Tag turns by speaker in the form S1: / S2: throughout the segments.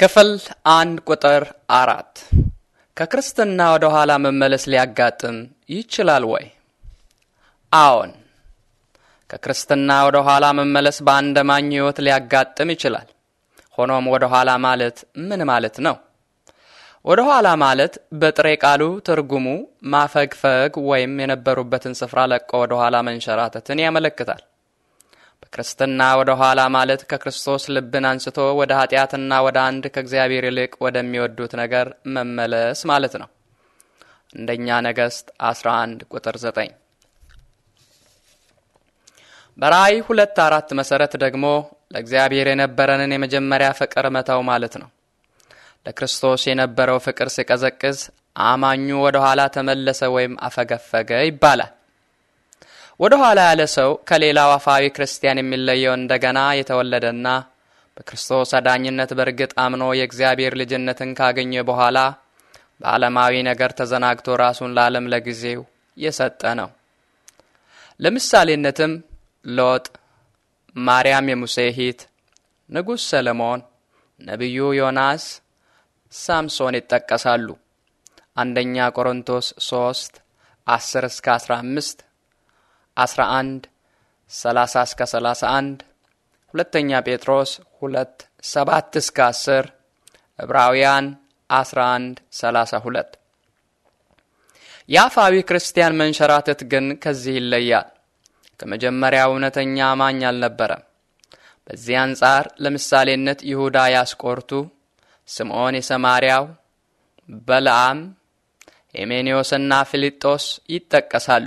S1: ክፍል አንድ ቁጥር አራት ከክርስትና ወደ ኋላ መመለስ ሊያጋጥም ይችላል ወይ? አዎን፣ ከክርስትና ወደ ኋላ መመለስ በአንድ አማኝ ሕይወት ሊያጋጥም ይችላል። ሆኖም ወደ ኋላ ማለት ምን ማለት ነው? ወደ ኋላ ማለት በጥሬ ቃሉ ትርጉሙ ማፈግፈግ ወይም የነበሩበትን ስፍራ ለቆ ወደ ኋላ መንሸራተትን ያመለክታል። በክርስትና ወደ ኋላ ማለት ከክርስቶስ ልብን አንስቶ ወደ ኃጢአትና ወደ አንድ ከእግዚአብሔር ይልቅ ወደሚወዱት ነገር መመለስ ማለት ነው። አንደኛ ነገሥት 11 ቁጥር 9። በራእይ ሁለት አራት መሠረት ደግሞ ለእግዚአብሔር የነበረንን የመጀመሪያ ፍቅር መተው ማለት ነው። ለክርስቶስ የነበረው ፍቅር ሲቀዘቅዝ አማኙ ወደ ኋላ ተመለሰ ወይም አፈገፈገ ይባላል። ወደ ኋላ ያለ ሰው ከሌላው አፋዊ ክርስቲያን የሚለየው እንደገና የተወለደና በክርስቶስ አዳኝነት በእርግጥ አምኖ የእግዚአብሔር ልጅነትን ካገኘ በኋላ በዓለማዊ ነገር ተዘናግቶ ራሱን ለዓለም ለጊዜው የሰጠ ነው። ለምሳሌነትም ሎጥ፣ ማርያም የሙሴ እህት፣ ንጉሥ ሰለሞን፣ ነቢዩ ዮናስ፣ ሳምሶን ይጠቀሳሉ። አንደኛ ቆሮንቶስ 3 10 እስከ 15 11 30 እስከ 31 ሁለተኛ ጴጥሮስ 2 7 እስከ 10 ዕብራውያን 11 32 የአፋዊ ክርስቲያን መንሸራተት ግን ከዚህ ይለያል። ከመጀመሪያ እውነተኛ አማኝ አልነበረም። በዚህ አንጻር ለምሳሌነት ይሁዳ ያስቆርቱ፣ ስምዖን የሰማርያው፣ በለዓም፣ ሄሜኔዎስና ፊልጦስ ይጠቀሳሉ።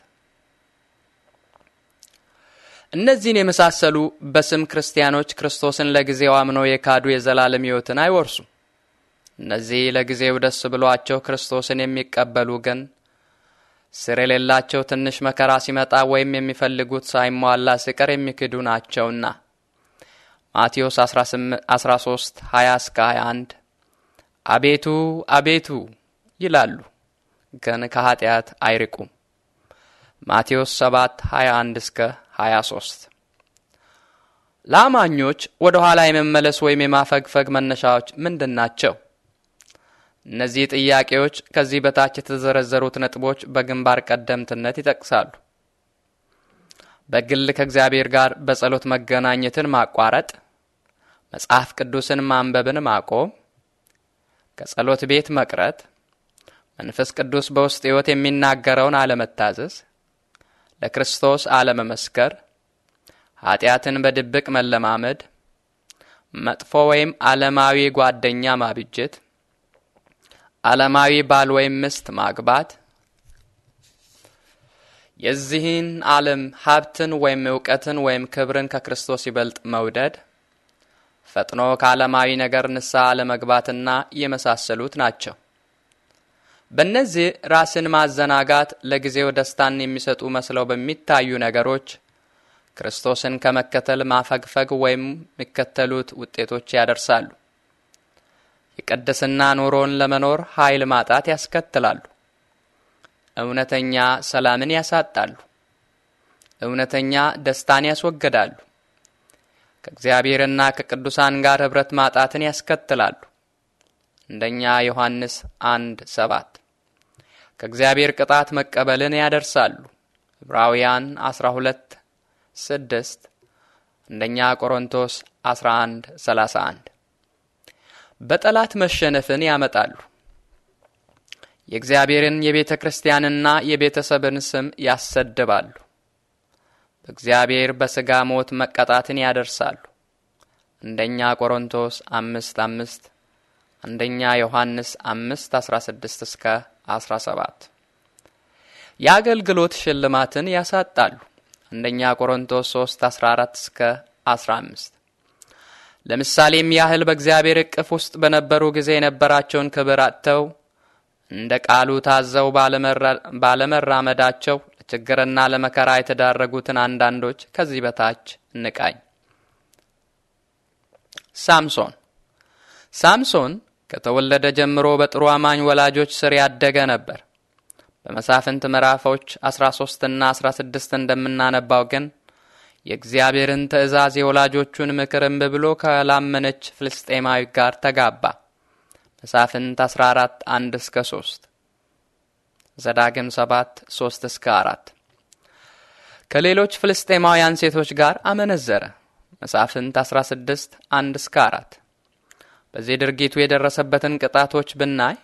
S1: እነዚህን የመሳሰሉ በስም ክርስቲያኖች ክርስቶስን ለጊዜው አምነው የካዱ የዘላለም ሕይወትን አይወርሱም። እነዚህ ለጊዜው ደስ ብሏቸው ክርስቶስን የሚቀበሉ ግን ስር የሌላቸው ትንሽ መከራ ሲመጣ ወይም የሚፈልጉት ሳይሟላ ሲቀር የሚክዱ ናቸውና ማቴዎስ 13 20 እስከ 21 አቤቱ አቤቱ ይላሉ፣ ግን ከኃጢአት አይርቁም። ማቴዎስ 7 21 እስከ 23 ለአማኞች ወደ ኋላ የመመለስ ወይም የማፈግፈግ መነሻዎች ምንድን ናቸው? እነዚህ ጥያቄዎች ከዚህ በታች የተዘረዘሩት ነጥቦች በግንባር ቀደምትነት ይጠቅሳሉ። በግል ከእግዚአብሔር ጋር በጸሎት መገናኘትን ማቋረጥ፣ መጽሐፍ ቅዱስን ማንበብን ማቆም፣ ከጸሎት ቤት መቅረት፣ መንፈስ ቅዱስ በውስጥ ሕይወት የሚናገረውን አለመታዘዝ ለክርስቶስ አለመመስከር፣ ኃጢአትን በድብቅ መለማመድ፣ መጥፎ ወይም ዓለማዊ ጓደኛ ማብጀት፣ ዓለማዊ ባል ወይም ምስት ማግባት፣ የዚህን ዓለም ሀብትን ወይም እውቀትን ወይም ክብርን ከክርስቶስ ይበልጥ መውደድ፣ ፈጥኖ ከዓለማዊ ነገር ንስሐ አለመግባትና የመሳሰሉት ናቸው። በእነዚህ ራስን ማዘናጋት ለጊዜው ደስታን የሚሰጡ መስለው በሚታዩ ነገሮች ክርስቶስን ከመከተል ማፈግፈግ ወይም የሚከተሉት ውጤቶች ያደርሳሉ። የቅድስና ኑሮን ለመኖር ኃይል ማጣት ያስከትላሉ። እውነተኛ ሰላምን ያሳጣሉ። እውነተኛ ደስታን ያስወግዳሉ። ከእግዚአብሔርና ከቅዱሳን ጋር ኅብረት ማጣትን ያስከትላሉ። አንደኛ ዮሐንስ አንድ ሰባት ከእግዚአብሔር ቅጣት መቀበልን ያደርሳሉ። ዕብራውያን 12 6 አንደኛ ቆሮንቶስ 11 31 በጠላት መሸነፍን ያመጣሉ። የእግዚአብሔርን የቤተ ክርስቲያንና የቤተሰብን ስም ያሰድባሉ። በእግዚአብሔር በሥጋ ሞት መቀጣትን ያደርሳሉ። አንደኛ ቆሮንቶስ አምስት አምስት አንደኛ ዮሐንስ አምስት አስራ ስድስት እስከ አስራ ሰባት የአገልግሎት ሽልማትን ያሳጣሉ። አንደኛ ቆሮንቶስ ሶስት አስራ አራት እስከ አስራ አምስት ለምሳሌም ያህል በእግዚአብሔር እቅፍ ውስጥ በነበሩ ጊዜ የነበራቸውን ክብር አጥተው እንደ ቃሉ ታዘው ባለመራመዳቸው ለችግርና ለመከራ የተዳረጉትን አንዳንዶች ከዚህ በታች እንቃኝ። ሳምሶን ሳምሶን ከተወለደ ጀምሮ በጥሩ አማኝ ወላጆች ስር ያደገ ነበር። በመሳፍንት ምዕራፎች 13ና 16 እንደምናነባው ግን የእግዚአብሔርን ትእዛዝ የወላጆቹን ምክር እምቢ ብሎ ከላመነች ፍልስጤማዊ ጋር ተጋባ። መሳፍንት 14 1 እስከ 3 ዘዳግም 7 3 እስከ 4 ከሌሎች ፍልስጤማውያን ሴቶች ጋር አመነዘረ። መሳፍንት 16 1 እስከ 4 በዚህ ድርጊቱ የደረሰበትን ቅጣቶች ብናይ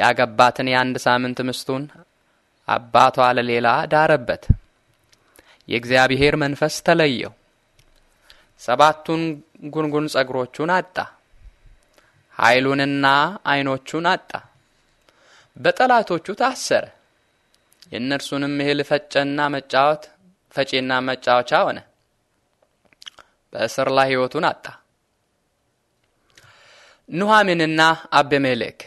S1: ያገባትን የአንድ ሳምንት ምስቱን አባቷ ለሌላ ዳረበት። የእግዚአብሔር መንፈስ ተለየው። ሰባቱን ጉንጉን ጸጉሮቹን አጣ። ኃይሉንና አይኖቹን አጣ። በጠላቶቹ ታሰረ። የእነርሱንም እህል ፈጨና መጫወት ፈጪና መጫወቻ ሆነ። በእስር ላይ ሕይወቱን አጣ። ኑሃሚንና አቤሜሌክ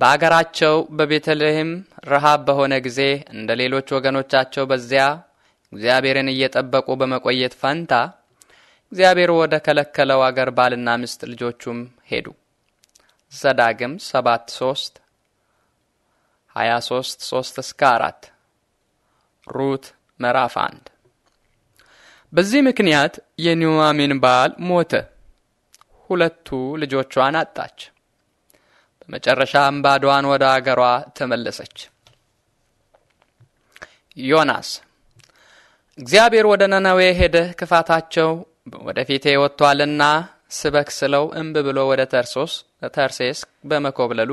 S1: በአገራቸው በቤተልሔም ረሃብ በሆነ ጊዜ እንደ ሌሎች ወገኖቻቸው በዚያ እግዚአብሔርን እየጠበቁ በመቆየት ፈንታ እግዚአብሔር ወደ ከለከለው አገር ባልና ሚስት ልጆቹም ሄዱ። ዘዳግም 7 3 23 3 እስከ 4 ሩት ምዕራፍ 1 በዚህ ምክንያት የኑኃሚን ባል ሞተ። ሁለቱ ልጆቿን አጣች። በመጨረሻም ባዷን ወደ አገሯ ተመለሰች። ዮናስ እግዚአብሔር ወደ ነነዌ ሄደህ ክፋታቸው ወደፊቴ ወጥቷልና ስበክ ስለው እምብ ብሎ ወደ ተርሶስ ተርሴስ በመኮብለሉ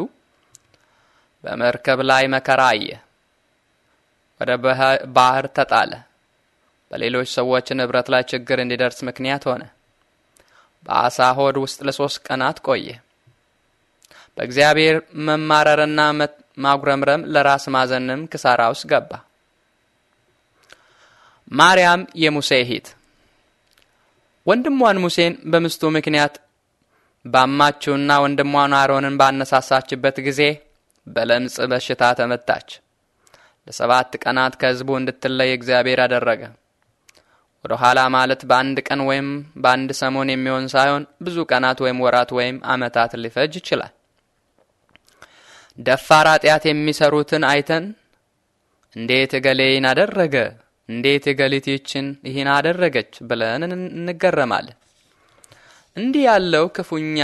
S1: በመርከብ ላይ መከራ አየ። ወደ ባህር ተጣለ። በሌሎች ሰዎች ንብረት ላይ ችግር እንዲደርስ ምክንያት ሆነ። በአሳ ሆድ ውስጥ ለሶስት ቀናት ቆየ። በእግዚአብሔር መማረርና ማጉረምረም ለራስ ማዘንም ክሳራ ውስጥ ገባ። ማርያም የሙሴ እህት ወንድሟን ሙሴን በምስቱ ምክንያት ባማችውና ወንድሟን አሮንን ባነሳሳችበት ጊዜ በለምጽ በሽታ ተመታች። ለሰባት ቀናት ከሕዝቡ እንድትለይ እግዚአብሔር አደረገ። ወደ ኋላ ማለት በአንድ ቀን ወይም በአንድ ሰሞን የሚሆን ሳይሆን ብዙ ቀናት ወይም ወራት ወይም ዓመታት ሊፈጅ ይችላል። ደፋር ኃጢአት የሚሰሩትን አይተን እንዴት እገሌይን አደረገ፣ እንዴት እገሊት ይችን ይህን አደረገች ብለን እንገረማለን። እንዲህ ያለው ክፉኛ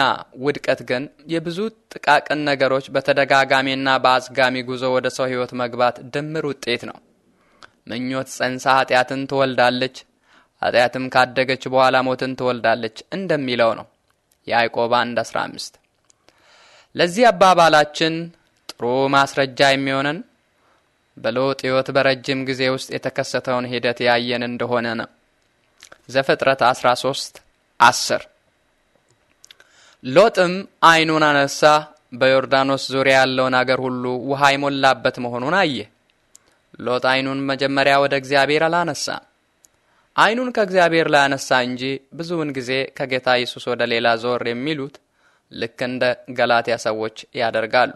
S1: ውድቀት ግን የብዙ ጥቃቅን ነገሮች በተደጋጋሚና በአዝጋሚ ጉዞ ወደ ሰው ሕይወት መግባት ድምር ውጤት ነው። ምኞት ጸንሳ ኃጢአትን ትወልዳለች። ኃጢአትም ካደገች በኋላ ሞትን ትወልዳለች እንደሚለው ነው። ያዕቆብ 1 15 ለዚህ አባባላችን ጥሩ ማስረጃ የሚሆነን በሎጥ ሕይወት በረጅም ጊዜ ውስጥ የተከሰተውን ሂደት ያየን እንደሆነ ነው። ዘፍጥረት 13 10 ሎጥም ዓይኑን አነሳ፣ በዮርዳኖስ ዙሪያ ያለውን አገር ሁሉ ውሃ የሞላበት መሆኑን አየ። ሎጥ ዓይኑን መጀመሪያ ወደ እግዚአብሔር አላነሳም አይኑን ከእግዚአብሔር ላይ አነሳ እንጂ ብዙውን ጊዜ ከጌታ ኢየሱስ ወደ ሌላ ዞር የሚሉት ልክ እንደ ገላትያ ሰዎች ያደርጋሉ።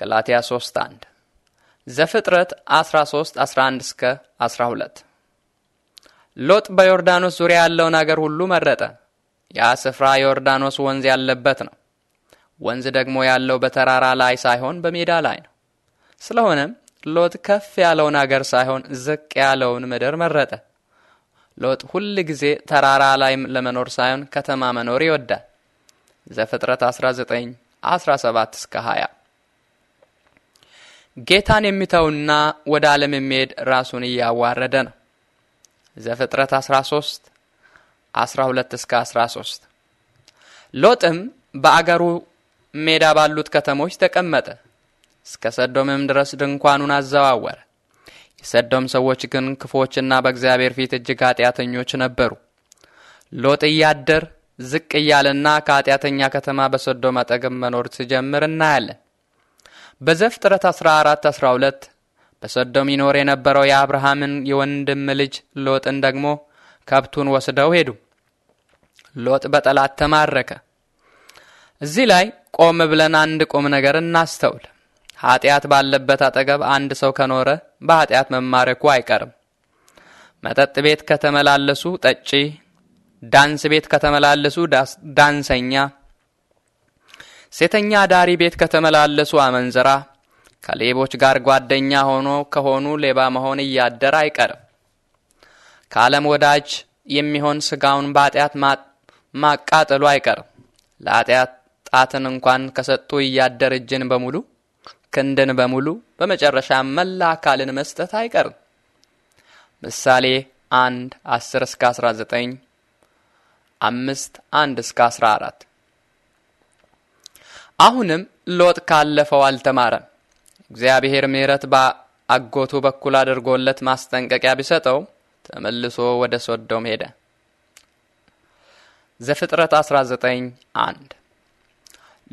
S1: ገላትያ 3 1 ዘፍጥረት 13 11 እስከ 12 ሎጥ በዮርዳኖስ ዙሪያ ያለውን አገር ሁሉ መረጠ። ያ ስፍራ ዮርዳኖስ ወንዝ ያለበት ነው። ወንዝ ደግሞ ያለው በተራራ ላይ ሳይሆን በሜዳ ላይ ነው። ስለሆነም ሎጥ ከፍ ያለውን አገር ሳይሆን ዝቅ ያለውን ምድር መረጠ። ሎጥ ሁል ጊዜ ተራራ ላይ ለመኖር ሳይሆን ከተማ መኖር ይወዳል። ዘፍጥረት 19 17 እስከ 20 ጌታን የሚተውና ወደ ዓለም የሚሄድ ራሱን እያዋረደ ነው። ዘፍጥረት 13 12 እስከ 13 ሎጥም በአገሩ ሜዳ ባሉት ከተሞች ተቀመጠ። እስከ ሰዶምም ድረስ ድንኳኑን አዘዋወረ። የሰዶም ሰዎች ግን ክፎችና በእግዚአብሔር ፊት እጅግ ኃጢአተኞች ነበሩ። ሎጥ እያደር ዝቅ እያለና ከኃጢአተኛ ከተማ በሰዶም አጠገብ መኖር ሲጀምር እናያለን። በዘፍጥረት 14 12 በሰዶም ይኖር የነበረው የአብርሃምን የወንድም ልጅ ሎጥን ደግሞ ከብቱን ወስደው ሄዱ። ሎጥ በጠላት ተማረከ። እዚህ ላይ ቆም ብለን አንድ ቁም ነገር እናስተውል። ኃጢአት ባለበት አጠገብ አንድ ሰው ከኖረ በኃጢአት መማረኩ አይቀርም። መጠጥ ቤት ከተመላለሱ ጠጪ፣ ዳንስ ቤት ከተመላለሱ ዳንሰኛ፣ ሴተኛ አዳሪ ቤት ከተመላለሱ አመንዝራ፣ ከሌቦች ጋር ጓደኛ ሆኖ ከሆኑ ሌባ መሆን እያደር አይቀርም። ከዓለም ወዳጅ የሚሆን ስጋውን በኃጢአት ማቃጠሉ አይቀርም። ለኃጢአት ጣትን እንኳን ከሰጡ እያደር እጅን በሙሉ ክንድን በሙሉ በመጨረሻ መላ አካልን መስጠት አይቀርም። ምሳሌ 1 10 እስከ 19 አምስት አንድ እስከ 14 አሁንም ሎጥ ካለፈው አልተማረም። እግዚአብሔር ምሕረት በአጎቱ በኩል አድርጎለት ማስጠንቀቂያ ቢሰጠው ተመልሶ ወደ ሶዶም ሄደ። ዘፍጥረት 19 1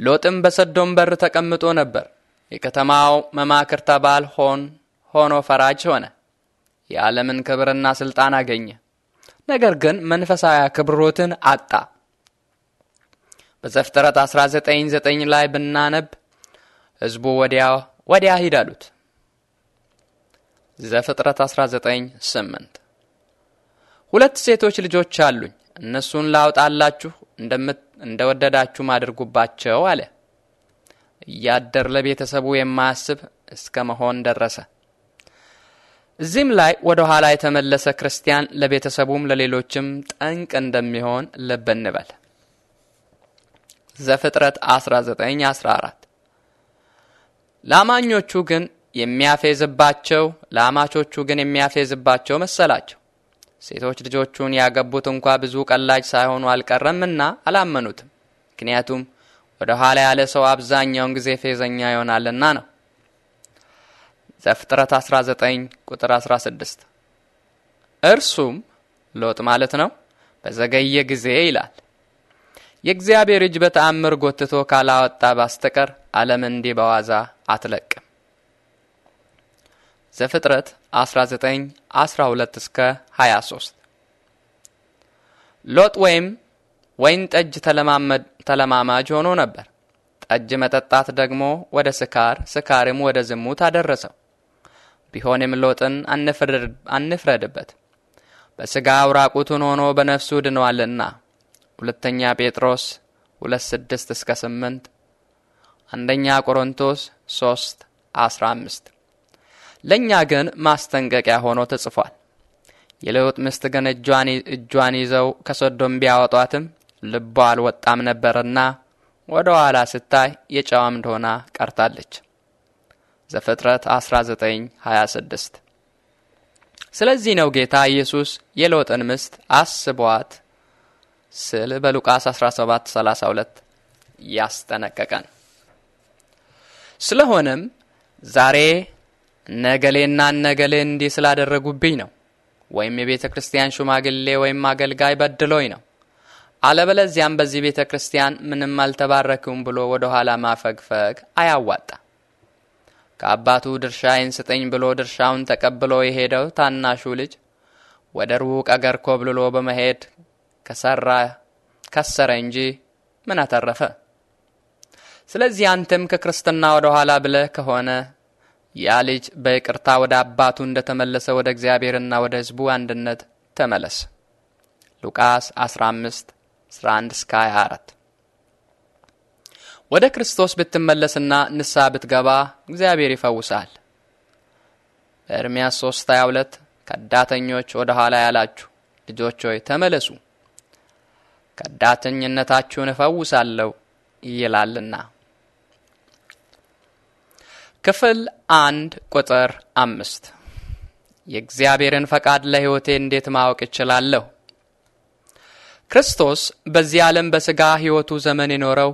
S1: ሎጥም በሰዶም በር ተቀምጦ ነበር። የከተማው መማክርት አባል ሆን ሆኖ ፈራጅ ሆነ። የዓለምን ክብርና ስልጣን አገኘ። ነገር ግን መንፈሳዊ አክብሮትን አጣ። በዘፍጥረት 19፥9 ላይ ብናነብ ሕዝቡ ወዲያ ወዲያ ሂድ አሉት። ዘፍጥረት 19፥8 ሁለት ሴቶች ልጆች አሉኝ፣ እነሱን ላውጣላችሁ እንደምት እንደወደዳችሁም አድርጉባቸው አለ። እያደር ለቤተሰቡ የማያስብ እስከ መሆን ደረሰ። እዚህም ላይ ወደ ኋላ የተመለሰ ክርስቲያን ለቤተሰቡም ለሌሎችም ጠንቅ እንደሚሆን ልብ እንበል። ዘፍጥረት 1914 ላማኞቹ ግን የሚያፌዝባቸው ላማቾቹ ግን የሚያፌዝባቸው መሰላቸው። ሴቶች ልጆቹን ያገቡት እንኳ ብዙ ቀላጅ ሳይሆኑ አልቀረምና አላመኑትም። ምክንያቱም ወደ ኋላ ያለ ሰው አብዛኛውን ጊዜ ፌዘኛ ይሆናልና ነው። ዘፍጥረት 19 ቁጥር 16 እርሱም ሎጥ ማለት ነው በዘገየ ጊዜ ይላል የእግዚአብሔር እጅ በተአምር ጎትቶ ካላወጣ ባስተቀር ዓለም እንዲህ በዋዛ አትለቅም። ዘፍጥረት 19 12 እስከ 23 ሎጥ ወይም ወይን ጠጅ ተለማማጅ ሆኖ ነበር። ጠጅ መጠጣት ደግሞ ወደ ስካር፣ ስካርም ወደ ዝሙት አደረሰው። ቢሆንም ሎጥን አንፍረድበት፣ በስጋ ራቁቱን ሆኖ በነፍሱ ድነዋልና። ሁለተኛ ጴጥሮስ ሁለት ስድስት እስከ ስምንት አንደኛ ቆሮንቶስ ሶስት አስራ አምስት ለእኛ ግን ማስጠንቀቂያ ሆኖ ተጽፏል። የለውጥ ምስት ግን እጇን ይዘው ከሶዶም ቢያወጧትም ልቧ አልወጣም ነበርና ወደ ኋላ ስታይ የጫዋም አምድ ሆና ቀርታለች። ዘፍጥረት 19:26 ስለዚህ ነው ጌታ ኢየሱስ የሎጥን ምስት አስቧት ስል በሉቃስ 17:32 ያስጠነቀቀን። ስለሆነም ዛሬ ነገሌና ነገሌ እንዲህ ስላደረጉብኝ ነው ወይም የቤተ ክርስቲያን ሽማግሌ ወይም አገልጋይ በድሎኝ ነው አለበለዚያም በዚህ ቤተ ክርስቲያን ምንም አልተባረክም ብሎ ወደ ኋላ ማፈግፈግ አያዋጣ። ከአባቱ ድርሻ ይንስጠኝ ብሎ ድርሻውን ተቀብሎ የሄደው ታናሹ ልጅ ወደ ሩቅ አገር ኮብልሎ በመሄድ ከሰራ ከሰረ እንጂ ምን አተረፈ? ስለዚህ አንተም ከክርስትና ወደ ኋላ ብለህ ከሆነ ያ ልጅ በይቅርታ ወደ አባቱ እንደተመለሰ ወደ እግዚአብሔርና ወደ ሕዝቡ አንድነት ተመለስ። ሉቃስ 15 11 እስከ 24 ወደ ክርስቶስ ብትመለስና ንስሐ ብትገባ እግዚአብሔር ይፈውሳል። በኤርምያስ 3 22 ከዳተኞች ወደ ኋላ ያላችሁ ልጆች ሆይ ተመለሱ ከዳተኝነታችሁን እፈውሳለሁ ይላልና። ክፍል አንድ ቁጥር አምስት የእግዚአብሔርን ፈቃድ ለሕይወቴ እንዴት ማወቅ እችላለሁ? ክርስቶስ በዚህ ዓለም በሥጋ ሕይወቱ ዘመን የኖረው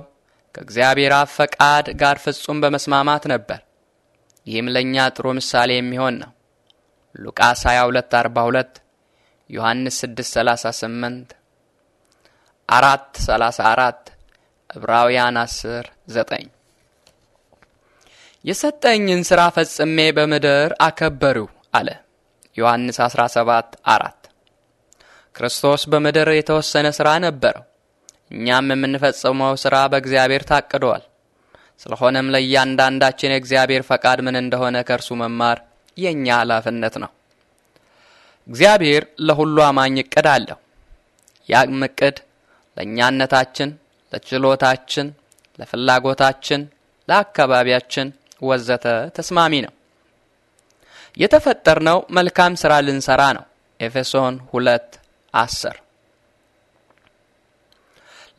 S1: ከእግዚአብሔር አብ ፈቃድ ጋር ፍጹም በመስማማት ነበር። ይህም ለእኛ ጥሩ ምሳሌ የሚሆን ነው። ሉቃስ 2242 ዮሐንስ 638 አራት 34 ዕብራውያን 10 9 የሰጠኝን ሥራ ፈጽሜ በምድር አከበሩ አለ ዮሐንስ 17 አራት ክርስቶስ በምድር የተወሰነ ሥራ ነበረው። እኛም የምንፈጽመው ሥራ በእግዚአብሔር ታቅደዋል። ስለሆነም ለእያንዳንዳችን የእግዚአብሔር ፈቃድ ምን እንደሆነ ከእርሱ መማር የእኛ ኃላፊነት ነው። እግዚአብሔር ለሁሉ አማኝ እቅድ አለው። ያም እቅድ ለእኛነታችን፣ ለችሎታችን፣ ለፍላጎታችን፣ ለአካባቢያችን ወዘተ ተስማሚ ነው። የተፈጠርነው መልካም ሥራ ልንሠራ ነው። ኤፌሶን ሁለት አስር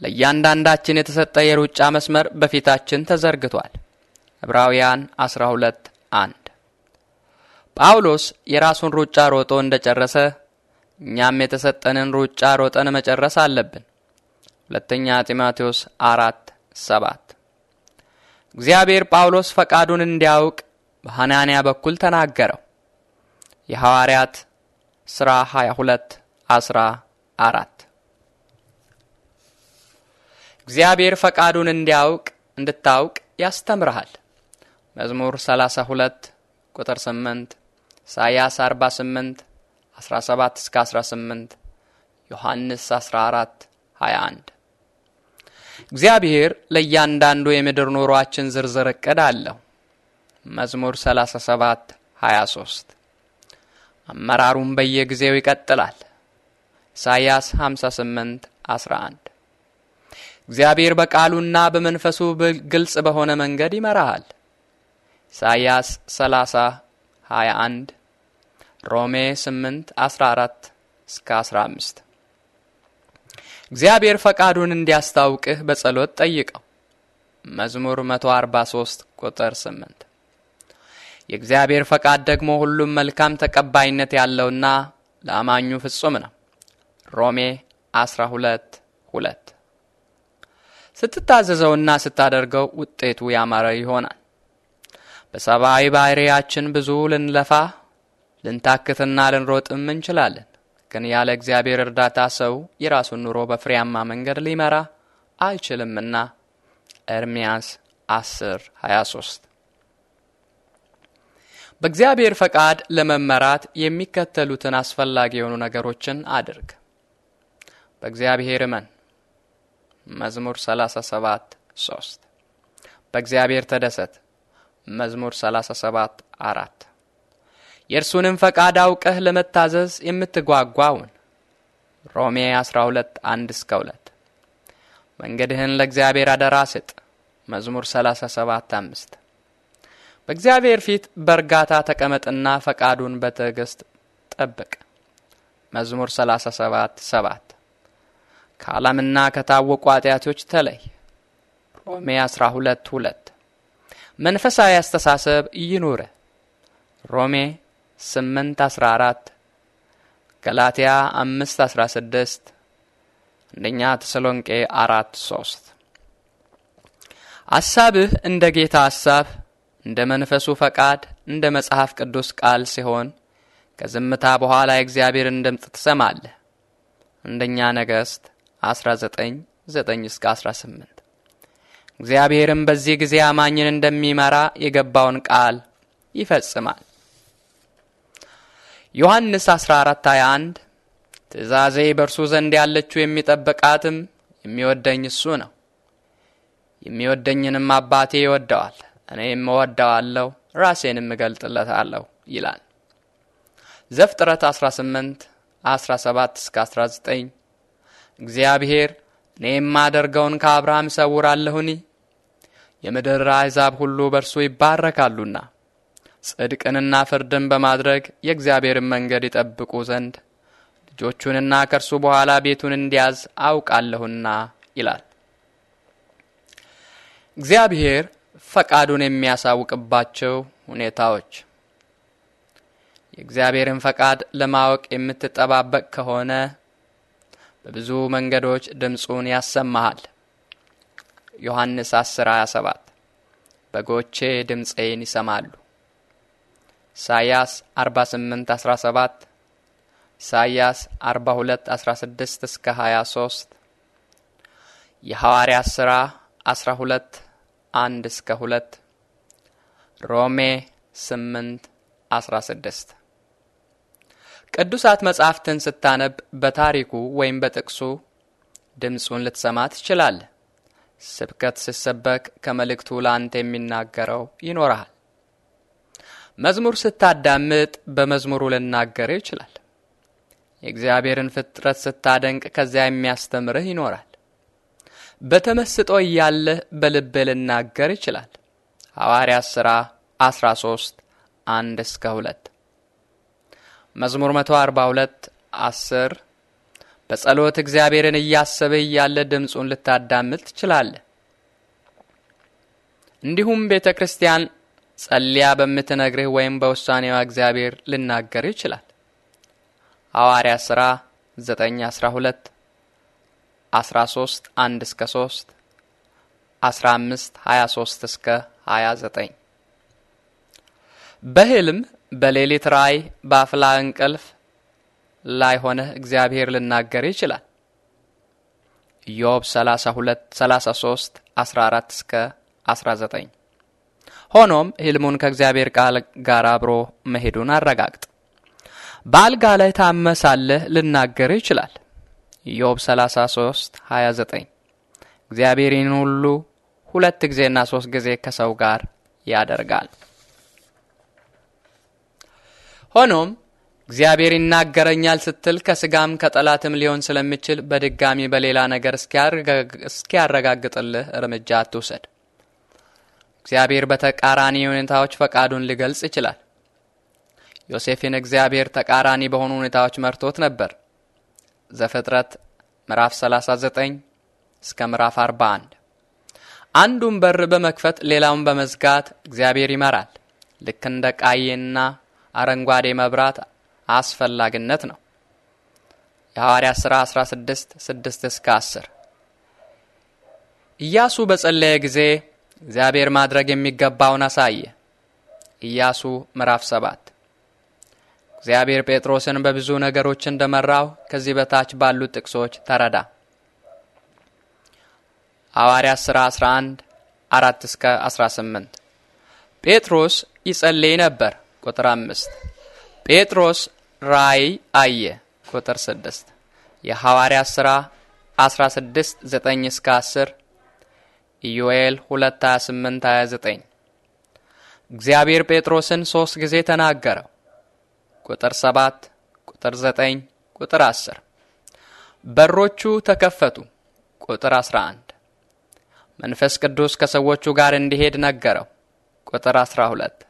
S1: ለእያንዳንዳችን የተሰጠ የሩጫ መስመር በፊታችን ተዘርግቷል። ዕብራውያን 12 1 ጳውሎስ የራሱን ሩጫ ሮጦ እንደጨረሰ እኛም የተሰጠንን ሩጫ ሮጠን መጨረስ አለብን። ሁለተኛ ጢሞቴዎስ 4 7 እግዚአብሔር ጳውሎስ ፈቃዱን እንዲያውቅ በሐናንያ በኩል ተናገረው። የሐዋርያት ሥራ 22 አስራ አራት እግዚአብሔር ፈቃዱን እንዲያውቅ እንድታውቅ ያስተምርሃል። መዝሙር 32 ቁጥር 8 ኢሳይያስ 48 17 እስከ 18 ዮሐንስ 14 21 እግዚአብሔር ለእያንዳንዱ የምድር ኑሯችን ዝርዝር እቅድ አለው። መዝሙር 37 23 አመራሩን በየጊዜው ይቀጥላል። ኢሳይያስ 58 11 እግዚአብሔር በቃሉና በመንፈሱ ግልጽ በሆነ መንገድ ይመራሃል። ኢሳይያስ 30 21 ሮሜ 8 14 እስከ 15 እግዚአብሔር ፈቃዱን እንዲያስታውቅህ በጸሎት ጠይቀው። መዝሙር 143 ቁጥር 8 የእግዚአብሔር ፈቃድ ደግሞ ሁሉም መልካም ተቀባይነት ያለውና ለአማኙ ፍጹም ነው። ሮሜ 12 2 ስትታዘዘውና ስታደርገው ውጤቱ ያማረ ይሆናል። በሰብአዊ ባህሪያችን ብዙ ልንለፋ ልንታክትና ልንሮጥም እንችላለን። ግን ያለ እግዚአብሔር እርዳታ ሰው የራሱን ኑሮ በፍሬያማ መንገድ ሊመራ አይችልምና ኤርምያስ 10 23 በእግዚአብሔር ፈቃድ ለመመራት የሚከተሉትን አስፈላጊ የሆኑ ነገሮችን አድርግ። በእግዚአብሔር እመን። መዝሙር 37 3 በእግዚአብሔር ተደሰት። መዝሙር 37 4 የእርሱንም ፈቃድ አውቀህ ለመታዘዝ የምትጓጓውን ሮሜ 12 1 እስከ 2 መንገድህን ለእግዚአብሔር አደራ ስጥ። መዝሙር 37 5 በእግዚአብሔር ፊት በእርጋታ ተቀመጥና ፈቃዱን በትዕግስት ጠብቅ። መዝሙር 37 7 ከዓለምና ከታወቁ ኃጢአቶች ተለይ ሮሜ 12 2 መንፈሳዊ አስተሳሰብ ይኑረ ሮሜ 8 14 ገላትያ 5 16 አንደኛ ተሰሎንቄ 4 3 አሳብህ እንደ ጌታ ሐሳብ እንደ መንፈሱ ፈቃድ እንደ መጽሐፍ ቅዱስ ቃል ሲሆን ከዝምታ በኋላ የእግዚአብሔርን ድምፅ ትሰማለህ አንደኛ ነገሥት 19 9 18 እግዚአብሔርም በዚህ ጊዜ አማኝን እንደሚመራ የገባውን ቃል ይፈጽማል። ዮሐንስ 14 21 ትእዛዜ በእርሱ ዘንድ ያለችው የሚጠብቃትም የሚወደኝ እሱ ነው። የሚወደኝንም አባቴ ይወደዋል፣ እኔም እወደዋለሁ፣ ራሴንም እገልጥለታለሁ ይላል። ዘፍጥረት 18 17 እስከ 19 እግዚአብሔር እኔ የማደርገውን ከአብርሃም እሰውራለሁኒ የምድር አሕዛብ ሁሉ በእርሱ ይባረካሉና ጽድቅንና ፍርድን በማድረግ የእግዚአብሔርን መንገድ ይጠብቁ ዘንድ ልጆቹንና ከእርሱ በኋላ ቤቱን እንዲያዝ አውቃለሁና ይላል። እግዚአብሔር ፈቃዱን የሚያሳውቅባቸው ሁኔታዎች የእግዚአብሔርን ፈቃድ ለማወቅ የምትጠባበቅ ከሆነ በብዙ መንገዶች ድምፁን ያሰማሃል። ዮሐንስ 10 27 በጎቼ ድምፄን ይሰማሉ። ኢሳይያስ 48 17 ኢሳይያስ 42 16 እስከ 23 የሐዋርያት ሥራ 12 1 እስከ 2 ሮሜ 8 16 ቅዱሳት መጻሕፍትን ስታነብ በታሪኩ ወይም በጥቅሱ ድምፁን ልትሰማ ትችላለ። ስብከት ስሰበክ ከመልእክቱ ለአንተ የሚናገረው ይኖርሃል። መዝሙር ስታዳምጥ በመዝሙሩ ልናገርህ ይችላል። የእግዚአብሔርን ፍጥረት ስታደንቅ ከዚያ የሚያስተምርህ ይኖራል። በተመስጦ እያለህ በልብህ ልናገር ይችላል። ሐዋርያ ሥራ 13 1 እስከ 2 መዝሙር 142 10 በጸሎት እግዚአብሔርን እያሰብህ እያለ ድምፁን ልታዳምጥ ትችላለህ። እንዲሁም ቤተ ክርስቲያን ጸልያ በምትነግርህ ወይም በውሳኔዋ እግዚአብሔር ልናገርህ ይችላል። ሐዋርያ ሥራ 12 13 1 እስከ 3 15 23 እስከ 29 በህልም በሌሊት ራእይ በአፍላ እንቅልፍ ላይ ሆነህ እግዚአብሔር ልናገር ይችላል። ኢዮብ 32 33 14 እስከ 19 ሆኖም ህልሙን ከእግዚአብሔር ቃል ጋር አብሮ መሄዱን አረጋግጥ። በአልጋ ላይ ታመሳለህ ልናገር ይችላል። ኢዮብ 33 29 እግዚአብሔርን ሁሉ ሁለት ጊዜና ሶስት ጊዜ ከሰው ጋር ያደርጋል። ሆኖም እግዚአብሔር ይናገረኛል ስትል ከስጋም ከጠላትም ሊሆን ስለሚችል በድጋሚ በሌላ ነገር እስኪያረጋግጥልህ እርምጃ አትውሰድ። እግዚአብሔር በተቃራኒ ሁኔታዎች ፈቃዱን ሊገልጽ ይችላል። ዮሴፍን እግዚአብሔር ተቃራኒ በሆኑ ሁኔታዎች መርቶት ነበር። ዘፍጥረት ምዕራፍ 39 እስከ ምዕራፍ 41 አንዱን በር በመክፈት ሌላውን በመዝጋት እግዚአብሔር ይመራል ልክ እንደ ቃዬና አረንጓዴ መብራት አስፈላጊነት ነው። የሐዋርያ ሥራ 16 6 እስከ 10 ኢያሱ በጸለየ ጊዜ እግዚአብሔር ማድረግ የሚገባውን አሳየ። ኢያሱ ምዕራፍ 7 እግዚአብሔር ጴጥሮስን በብዙ ነገሮች እንደመራው ከዚህ በታች ባሉት ጥቅሶች ተረዳ። ሐዋርያ ሥራ 11 4 እስከ 18 ጴጥሮስ ይጸልይ ነበር። ቁጥር አምስት ጴጥሮስ ራእይ አየ ቁጥር ስድስት የሐዋርያት ሥራ 16 9 እስከ 10 ኢዮኤል 2 28 29 እግዚአብሔር ጴጥሮስን ሦስት ጊዜ ተናገረው። ቁጥር 7 ቁጥር 9 ቁጥር 10 በሮቹ ተከፈቱ። ቁጥር 11 መንፈስ ቅዱስ ከሰዎቹ ጋር እንዲሄድ ነገረው። ቁጥር 12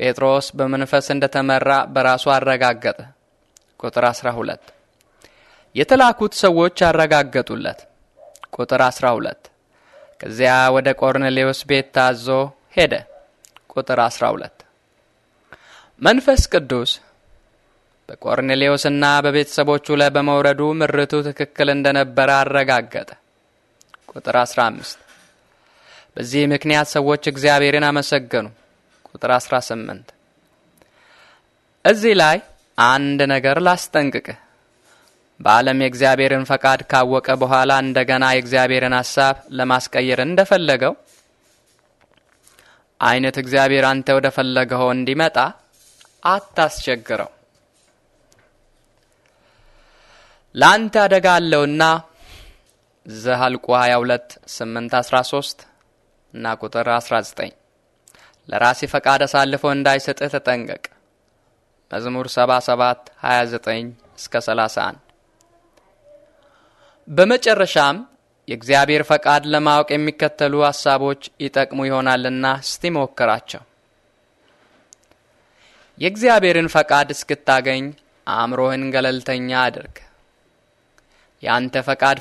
S1: ጴጥሮስ በመንፈስ እንደተመራ በራሱ አረጋገጠ። ቁጥር 12 የተላኩት ሰዎች አረጋገጡለት። ቁጥር 12 ከዚያ ወደ ቆርኔሌዎስ ቤት ታዞ ሄደ። ቁጥር 12 መንፈስ ቅዱስ በቆርኔሌዎስና በቤተሰቦቹ ላይ በመውረዱ ምርቱ ትክክል እንደነበረ አረጋገጠ። ቁጥር 15 በዚህ ምክንያት ሰዎች እግዚአብሔርን አመሰገኑ። ቁጥር 18 እዚህ ላይ አንድ ነገር ላስጠንቅቅህ። በዓለም የእግዚአብሔርን ፈቃድ ካወቀ በኋላ እንደገና የእግዚአብሔርን ሐሳብ ለማስቀየር እንደፈለገው አይነት እግዚአብሔር አንተ ወደ ፈለገው እንዲመጣ አታስቸግረው። ለአንተ አደጋ አለውና ዘኍልቍ 22 8 13 እና ቁጥር 19 ለራሴ ፈቃድ አሳልፎ እንዳይሰጥህ ተጠንቀቅ። መዝሙር 77 29 እስከ 31። በመጨረሻም የእግዚአብሔር ፈቃድ ለማወቅ የሚከተሉ ሐሳቦች ይጠቅሙ ይሆናልና እስቲ ሞክራቸው። የእግዚአብሔርን ፈቃድ እስክታገኝ አእምሮህን ገለልተኛ አድርግ። የአንተ ፈቃድ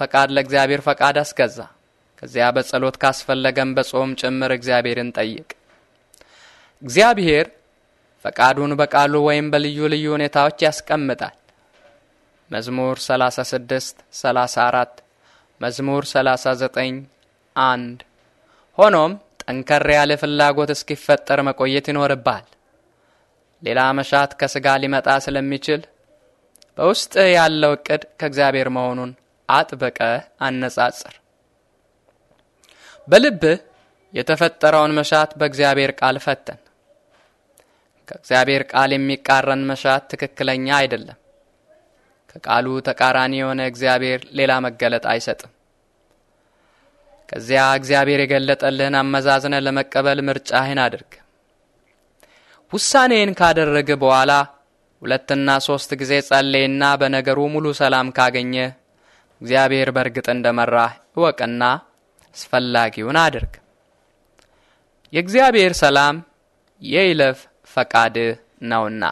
S1: ፈቃድ ለእግዚአብሔር ፈቃድ አስገዛ። ከዚያ በጸሎት ካስፈለገም በጾም ጭምር እግዚአብሔርን ጠይቅ። እግዚአብሔር ፈቃዱን በቃሉ ወይም በልዩ ልዩ ሁኔታዎች ያስቀምጣል። መዝሙር 36 34 መዝሙር 39 1 ሆኖም ጠንከር ያለ ፍላጎት እስኪፈጠር መቆየት ይኖርብሃል። ሌላ መሻት ከስጋ ሊመጣ ስለሚችል በውስጥ ያለው እቅድ ከእግዚአብሔር መሆኑን አጥበቀ አነጻጽር። በልብህ የተፈጠረውን መሻት በእግዚአብሔር ቃል ፈተን። ከእግዚአብሔር ቃል የሚቃረን መሻት ትክክለኛ አይደለም። ከቃሉ ተቃራኒ የሆነ እግዚአብሔር ሌላ መገለጥ አይሰጥም። ከዚያ እግዚአብሔር የገለጠልህን አመዛዝነ ለመቀበል ምርጫህን አድርግ። ውሳኔን ካደረገ በኋላ ሁለትና ሶስት ጊዜ ጸልይና በነገሩ ሙሉ ሰላም ካገኘ እግዚአብሔር በእርግጥ እንደመራህ እወቅና አስፈላጊውን አድርግ። የእግዚአብሔር ሰላም የይለፍ ፈቃድ ነውና